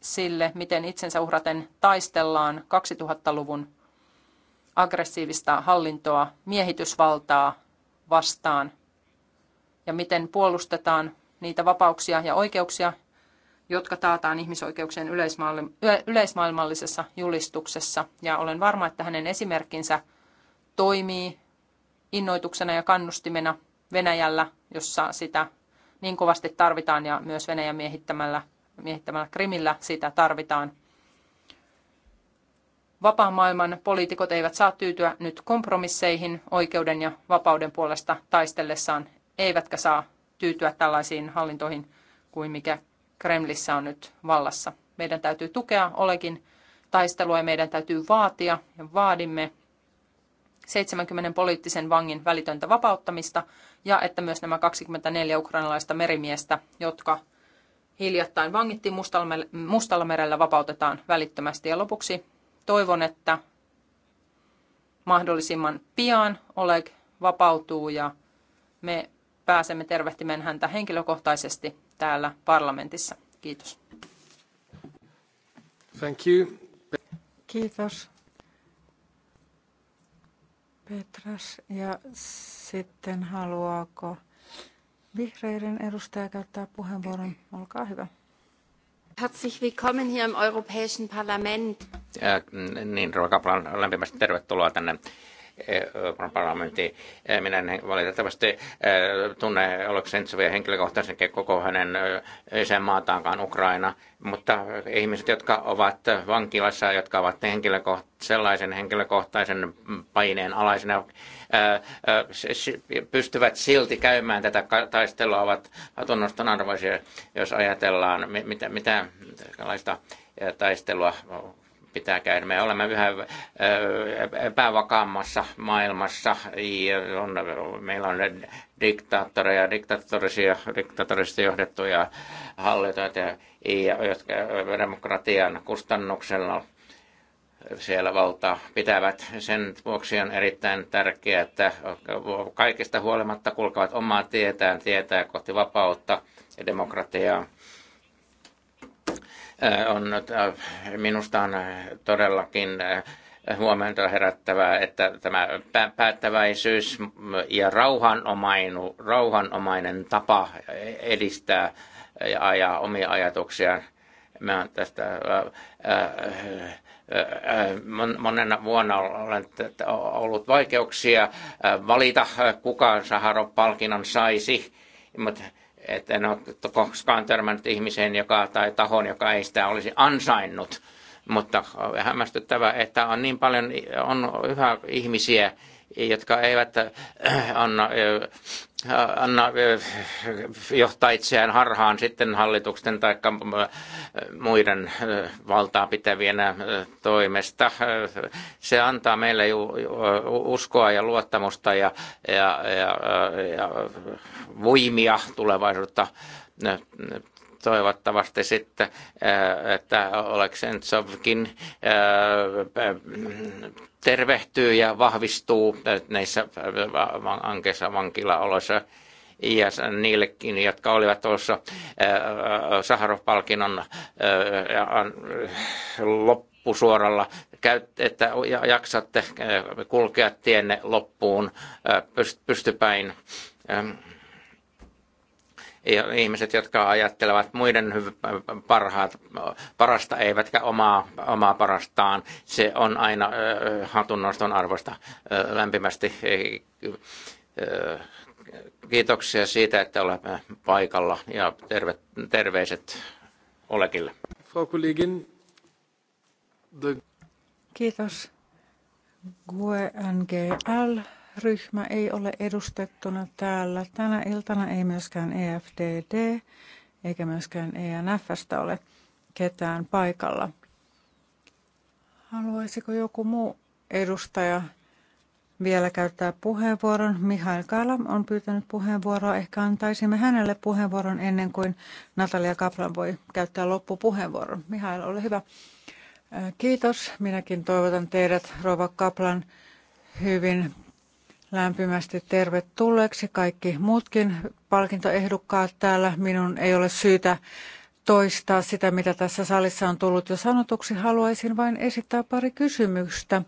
sille, miten itsensä uhraten taistellaan 2000-luvun aggressiivista hallintoa, miehitysvaltaa vastaan ja miten puolustetaan niitä vapauksia ja oikeuksia, jotka taataan ihmisoikeuksien yleismaailmallisessa julistuksessa. Ja olen varma, että hänen esimerkkinsä – toimii innoituksena ja kannustimena Venäjällä, jossa sitä niin kovasti tarvitaan ja myös Venäjän miehittämällä, miehittämällä Krimillä sitä tarvitaan. Vapaan maailman poliitikot eivät saa tyytyä nyt kompromisseihin oikeuden ja vapauden puolesta taistellessaan, eivätkä saa tyytyä tällaisiin hallintoihin kuin mikä Kremlissä on nyt vallassa. Meidän täytyy tukea olekin taistelua ja meidän täytyy vaatia ja vaadimme 70 poliittisen vangin välitöntä vapauttamista ja että myös nämä 24 ukrainalaista merimiestä, jotka hiljattain vangittiin Mustalla merellä, vapautetaan välittömästi. Ja lopuksi toivon, että mahdollisimman pian Oleg vapautuu ja me pääsemme tervehtimään häntä henkilökohtaisesti täällä parlamentissa. Kiitos. Thank you. Kiitos. Petras. Ja sitten haluaako vihreiden edustaja käyttää puheenvuoron? Olkaa hyvä. Herzlich willkommen hier im Europäischen Parlament. Ja, äh, niin, Ruokaplan lämpimästi tervetuloa tänne Euroopan parlamenttiin. Eh, minä en valitettavasti eh, tunne Oleksentsovia henkilökohtaisen koko hänen eh, isänmaataankaan Ukraina, mutta ihmiset, jotka ovat vankilassa, jotka ovat henkilökoht- sellaisen henkilökohtaisen paineen alaisena, pystyvät silti käymään tätä taistelua, ovat tunnustan arvoisia, jos ajatellaan, mitä, mitä taistelua pitää käydä. Me olemme yhä epävakaammassa maailmassa. On, meillä on diktaattoreja, diktaattorisia, diktaattorista johdettuja hallintoja, jotka demokratian kustannuksella siellä valtaa pitävät. Sen vuoksi on erittäin tärkeää, että kaikista huolimatta kulkevat omaa tietään, tietää kohti vapautta ja demokratiaa on minusta on todellakin huomenta herättävää, että tämä päättäväisyys ja rauhanomainu, rauhanomainen tapa edistää ja ajaa omia ajatuksiaan. Mä olen tästä monena vuonna olen ollut vaikeuksia valita, kuka Saharov-palkinnon saisi, mutta että no, en ole koskaan törmännyt ihmiseen joka, tai tahon, joka ei sitä olisi ansainnut. Mutta hämmästyttävä, että on niin paljon on yhä ihmisiä, jotka eivät äh, on äh, anna, johtaa itseään harhaan sitten hallituksen tai muiden valtaa pitävien toimesta. Se antaa meille uskoa ja luottamusta ja, ja, ja, ja voimia tulevaisuutta toivottavasti sitten, äh, että Oleksentsovkin äh, tervehtyy ja vahvistuu näissä äh, ankeissa vankilaoloissa ja niillekin, jotka olivat tuossa Saharov-palkinnon loppusuoralla, että jaksatte kulkea tienne loppuun pystypäin. Ähm, ihmiset, jotka ajattelevat muiden parhaat, parasta eivätkä omaa, omaa parastaan. Se on aina hatunnoston arvosta lämpimästi. Kiitoksia siitä, että olemme paikalla ja terve, terveiset Olekille. Frau Kollegin, the... Kiitos. GUE NGL ryhmä ei ole edustettuna täällä. Tänä iltana ei myöskään EFDD eikä myöskään ENFstä ole ketään paikalla. Haluaisiko joku muu edustaja vielä käyttää puheenvuoron? Mihail Kala on pyytänyt puheenvuoroa. Ehkä antaisimme hänelle puheenvuoron ennen kuin Natalia Kaplan voi käyttää loppupuheenvuoron. Mihail, ole hyvä. Äh, kiitos. Minäkin toivotan teidät, Rova Kaplan, hyvin lämpimästi tervetulleeksi kaikki muutkin palkintoehdokkaat täällä. Minun ei ole syytä toistaa sitä, mitä tässä salissa on tullut jo sanotuksi. Haluaisin vain esittää pari kysymystä.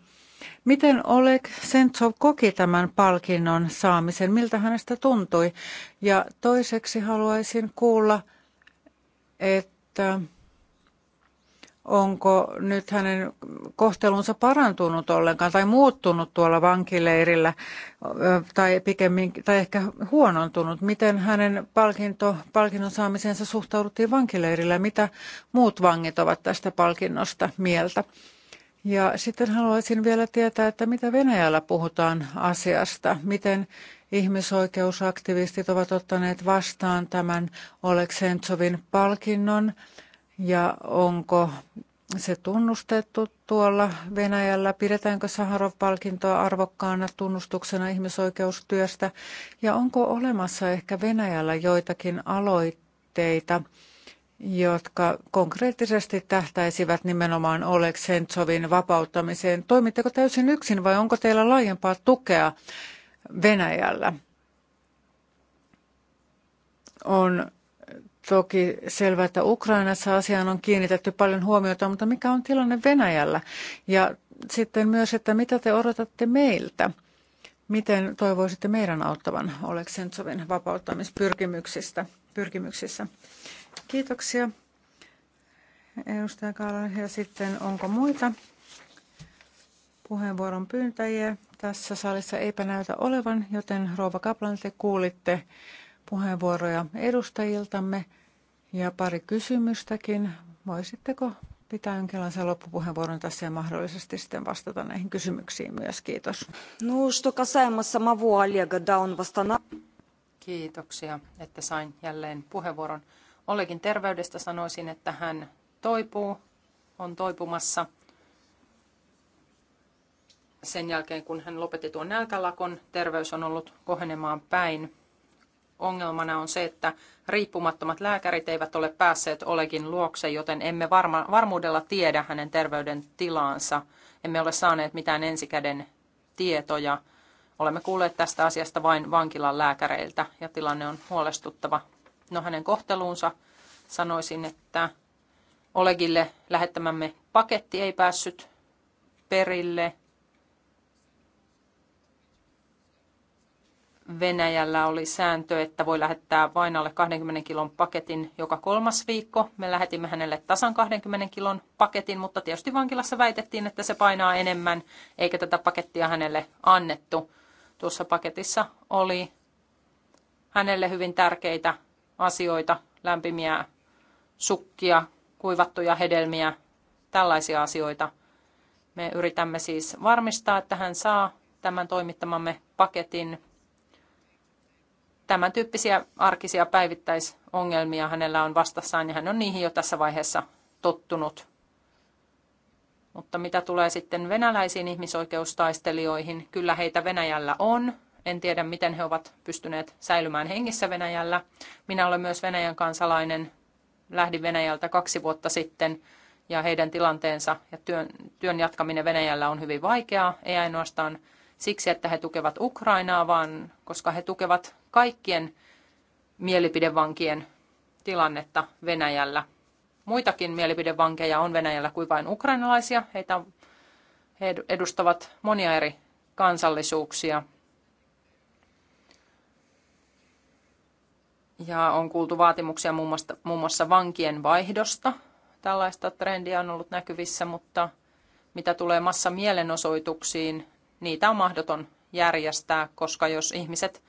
Miten Oleg Sentsov koki tämän palkinnon saamisen? Miltä hänestä tuntui? Ja toiseksi haluaisin kuulla, että onko nyt hänen kohtelunsa parantunut ollenkaan tai muuttunut tuolla vankileirillä tai, pikemmin, tai ehkä huonontunut. Miten hänen palkinto, palkinnon saamisensa suhtauduttiin vankileirillä ja mitä muut vangit ovat tästä palkinnosta mieltä? Ja sitten haluaisin vielä tietää, että mitä Venäjällä puhutaan asiasta, miten ihmisoikeusaktivistit ovat ottaneet vastaan tämän Oleksentsovin palkinnon – ja onko se tunnustettu tuolla Venäjällä? Pidetäänkö Saharov-palkintoa arvokkaana tunnustuksena ihmisoikeustyöstä? Ja onko olemassa ehkä Venäjällä joitakin aloitteita, jotka konkreettisesti tähtäisivät nimenomaan Oleg Sentsovin vapauttamiseen? Toimitteko täysin yksin vai onko teillä laajempaa tukea Venäjällä? On toki selvää, että Ukrainassa asiaan on kiinnitetty paljon huomiota, mutta mikä on tilanne Venäjällä? Ja sitten myös, että mitä te odotatte meiltä? Miten toivoisitte meidän auttavan Sentsovin vapauttamispyrkimyksistä? Pyrkimyksissä? Kiitoksia. Edustaja Kaalan. Ja sitten onko muita puheenvuoron pyyntäjiä? Tässä salissa eipä näytä olevan, joten Rouva Kaplan, te kuulitte puheenvuoroja edustajiltamme. Ja pari kysymystäkin. Voisitteko pitää jonkinlaisen loppupuheenvuoron tässä ja mahdollisesti sitten vastata näihin kysymyksiin myös. Kiitos. No, что касаемо Олега, да, он Kiitoksia, että sain jälleen puheenvuoron. Olekin terveydestä sanoisin, että hän toipuu, on toipumassa sen jälkeen, kun hän lopetti tuon nälkälakon, terveys on ollut kohenemaan päin ongelmana on se, että riippumattomat lääkärit eivät ole päässeet Olegin luokse, joten emme varma, varmuudella tiedä hänen terveydentilaansa. Emme ole saaneet mitään ensikäden tietoja. Olemme kuulleet tästä asiasta vain vankilan lääkäreiltä ja tilanne on huolestuttava. No hänen kohteluunsa sanoisin, että Olegille lähettämämme paketti ei päässyt perille – Venäjällä oli sääntö, että voi lähettää vain alle 20 kilon paketin joka kolmas viikko. Me lähetimme hänelle tasan 20 kilon paketin, mutta tietysti vankilassa väitettiin, että se painaa enemmän, eikä tätä pakettia hänelle annettu. Tuossa paketissa oli hänelle hyvin tärkeitä asioita, lämpimiä sukkia, kuivattuja hedelmiä, tällaisia asioita. Me yritämme siis varmistaa, että hän saa tämän toimittamamme paketin tämän tyyppisiä arkisia päivittäisongelmia hänellä on vastassaan ja niin hän on niihin jo tässä vaiheessa tottunut. Mutta mitä tulee sitten venäläisiin ihmisoikeustaistelijoihin, kyllä heitä Venäjällä on. En tiedä, miten he ovat pystyneet säilymään hengissä Venäjällä. Minä olen myös Venäjän kansalainen. Lähdin Venäjältä kaksi vuotta sitten ja heidän tilanteensa ja työn, työn jatkaminen Venäjällä on hyvin vaikeaa, ei ainoastaan siksi, että he tukevat Ukrainaa, vaan koska he tukevat kaikkien mielipidevankien tilannetta Venäjällä. Muitakin mielipidevankeja on Venäjällä kuin vain ukrainalaisia. Heitä he edustavat monia eri kansallisuuksia. Ja on kuultu vaatimuksia muun muassa, muun muassa vankien vaihdosta. Tällaista trendiä on ollut näkyvissä, mutta mitä tulee massa mielenosoituksiin, niitä on mahdoton järjestää, koska jos ihmiset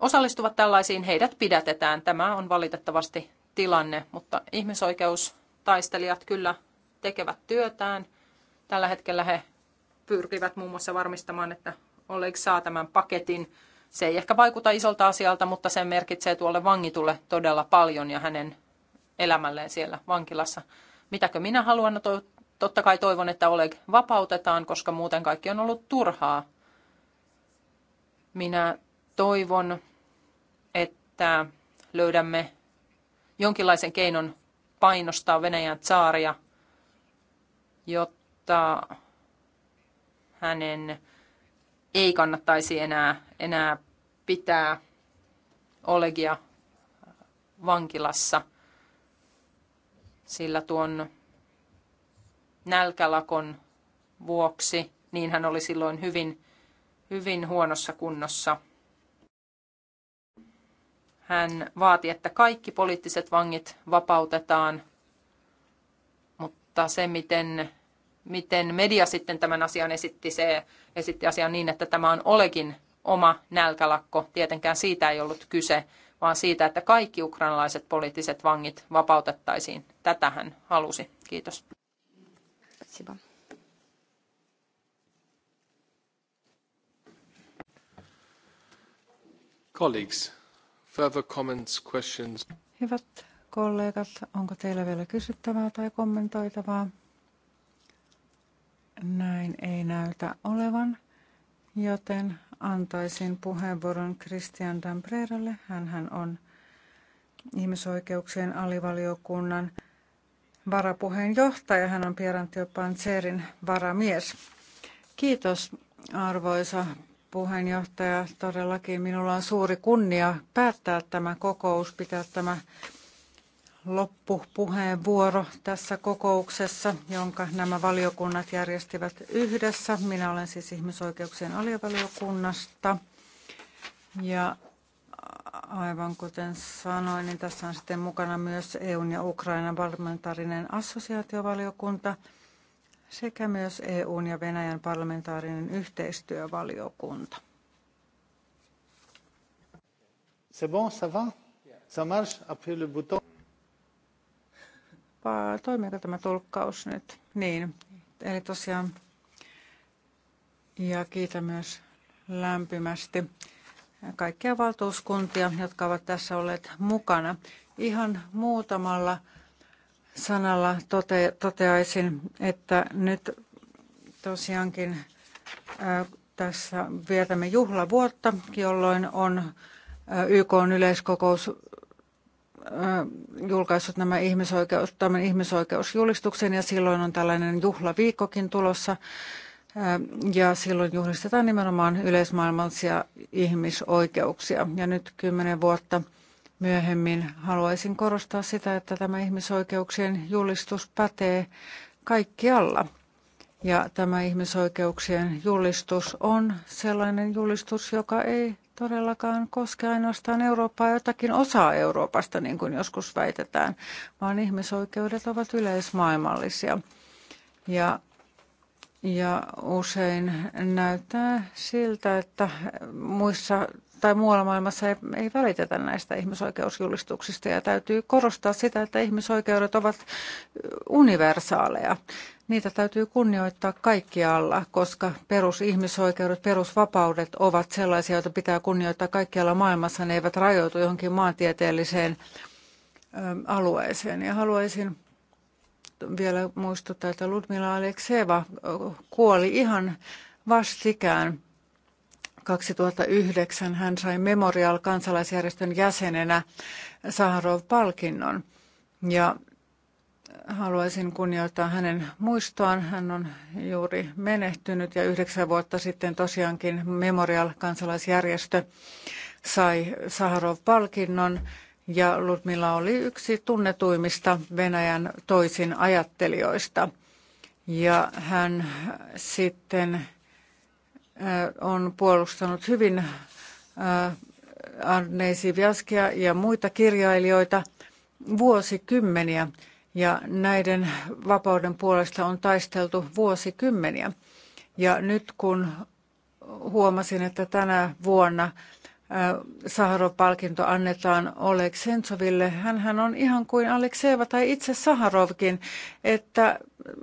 osallistuvat tällaisiin, heidät pidätetään. Tämä on valitettavasti tilanne, mutta ihmisoikeustaistelijat kyllä tekevät työtään. Tällä hetkellä he pyrkivät muun muassa varmistamaan, että Oleg saa tämän paketin. Se ei ehkä vaikuta isolta asialta, mutta se merkitsee tuolle vangitulle todella paljon ja hänen elämälleen siellä vankilassa. Mitäkö minä haluan? No totta kai toivon, että Oleg vapautetaan, koska muuten kaikki on ollut turhaa. Minä toivon, että löydämme jonkinlaisen keinon painostaa Venäjän tsaaria, jotta hänen ei kannattaisi enää, enää pitää Olegia vankilassa, sillä tuon nälkälakon vuoksi, niin hän oli silloin hyvin, hyvin huonossa kunnossa. Hän vaati, että kaikki poliittiset vangit vapautetaan, mutta se, miten, miten media sitten tämän asian esitti, se esitti asian niin, että tämä on olekin oma nälkälakko. Tietenkään siitä ei ollut kyse, vaan siitä, että kaikki ukrainalaiset poliittiset vangit vapautettaisiin. Tätä hän halusi. Kiitos. Спасибо. Colleagues, further comments, questions? Hyvät kollegat, onko teillä vielä kysyttävää tai kommentoitavaa? Näin ei näytä olevan, joten antaisin puheenvuoron Christian Dambreralle. hän on ihmisoikeuksien alivaliokunnan varapuheenjohtaja. Hän on Pierantio Pantseerin varamies. Kiitos arvoisa puheenjohtaja. Todellakin minulla on suuri kunnia päättää tämä kokous, pitää tämä loppupuheenvuoro tässä kokouksessa, jonka nämä valiokunnat järjestivät yhdessä. Minä olen siis ihmisoikeuksien alivaliokunnasta ja Aivan kuten sanoin, niin tässä on sitten mukana myös EUn ja Ukrainan parlamentaarinen assosiaatiovaliokunta sekä myös EUn ja Venäjän parlamentaarinen yhteistyövaliokunta. C'est bon, ça va? Ça marche? Appuie le bouton. Toimiiko tämä tulkkaus nyt? Niin, eli tosiaan. Ja kiitän myös lämpimästi kaikkia valtuuskuntia, jotka ovat tässä olleet mukana. Ihan muutamalla sanalla tote, toteaisin, että nyt tosiaankin ää, tässä vietämme juhlavuotta, jolloin on YK on yleiskokous julkaissut nämä ihmisoikeus, tämän ihmisoikeusjulistuksen ja silloin on tällainen juhlaviikkokin tulossa ja silloin juhlistetaan nimenomaan yleismaailmallisia ihmisoikeuksia. Ja nyt kymmenen vuotta myöhemmin haluaisin korostaa sitä, että tämä ihmisoikeuksien julistus pätee kaikkialla. Ja tämä ihmisoikeuksien julistus on sellainen julistus, joka ei todellakaan koske ainoastaan Eurooppaa jotakin osaa Euroopasta, niin kuin joskus väitetään, vaan ihmisoikeudet ovat yleismaailmallisia. Ja ja usein näyttää siltä, että muissa tai muualla maailmassa ei, ei välitetä näistä ihmisoikeusjulistuksista ja täytyy korostaa sitä, että ihmisoikeudet ovat universaaleja. Niitä täytyy kunnioittaa kaikkialla, koska perusihmisoikeudet, perusvapaudet ovat sellaisia, joita pitää kunnioittaa kaikkialla maailmassa. Ne eivät rajoitu johonkin maantieteelliseen alueeseen. Ja haluaisin vielä muistuttaa, että Ludmila Alekseva kuoli ihan vastikään 2009 hän sai Memorial-kansalaisjärjestön jäsenenä Saharov-palkinnon. Ja haluaisin kunnioittaa hänen muistoaan. Hän on juuri menehtynyt ja yhdeksän vuotta sitten tosiaankin Memorial-kansalaisjärjestö sai Saharov-palkinnon ja Ludmilla oli yksi tunnetuimmista Venäjän toisin ajattelijoista. Ja hän äh, sitten äh, on puolustanut hyvin äh, Arnei Sivjaskia ja muita kirjailijoita vuosikymmeniä. Ja näiden vapauden puolesta on taisteltu vuosikymmeniä. Ja nyt kun huomasin, että tänä vuonna Saharov-palkinto annetaan Oleg Sentsoville. Hänhän on ihan kuin Alekseeva tai itse Saharovkin, että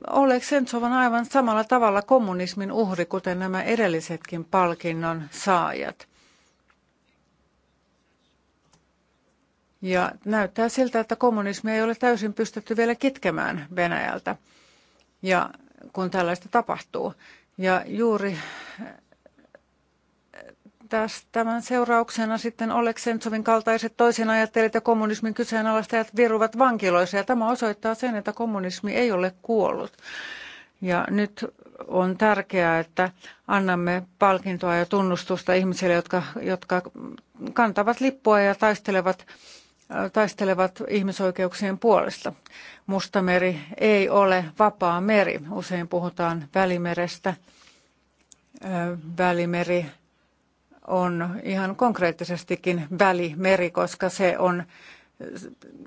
Oleg Sentsov on aivan samalla tavalla kommunismin uhri, kuten nämä edellisetkin palkinnon saajat. Ja näyttää siltä, että kommunismia ei ole täysin pystytty vielä kitkemään Venäjältä, ja kun tällaista tapahtuu. Ja juuri Tämän seurauksena sitten Sentsovin kaltaiset toisin ajattelijat ja kommunismin kyseenalaistajat viruvat vankiloissa. Ja tämä osoittaa sen, että kommunismi ei ole kuollut. Ja nyt on tärkeää, että annamme palkintoa ja tunnustusta ihmisille, jotka, jotka kantavat lippua ja taistelevat, taistelevat ihmisoikeuksien puolesta. Mustameri ei ole vapaa meri. Usein puhutaan välimerestä. Välimeri on ihan konkreettisestikin välimeri, koska se on,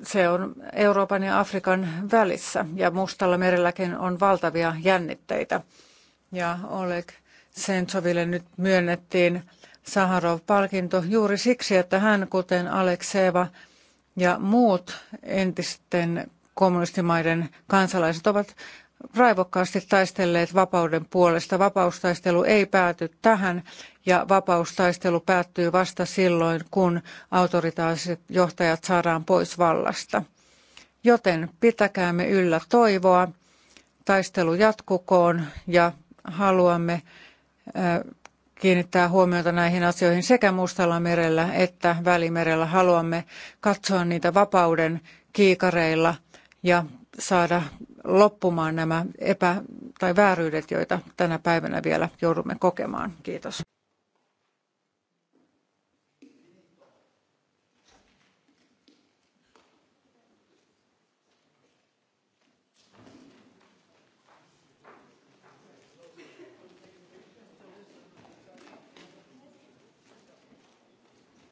se on Euroopan ja Afrikan välissä ja Mustalla merelläkin on valtavia jännitteitä. Ja Oleg Sentsoville nyt myönnettiin Saharov-palkinto juuri siksi, että hän, kuten Alekseva ja muut entisten kommunistimaiden kansalaiset, ovat raivokkaasti taistelleet vapauden puolesta. Vapaustaistelu ei pääty tähän ja vapaustaistelu päättyy vasta silloin, kun autoritaariset johtajat saadaan pois vallasta. Joten pitäkäämme yllä toivoa, taistelu jatkukoon ja haluamme kiinnittää huomiota näihin asioihin sekä Mustalla merellä että Välimerellä. Haluamme katsoa niitä vapauden kiikareilla ja saada loppumaan nämä epä- tai vääryydet, joita tänä päivänä vielä joudumme kokemaan. Kiitos.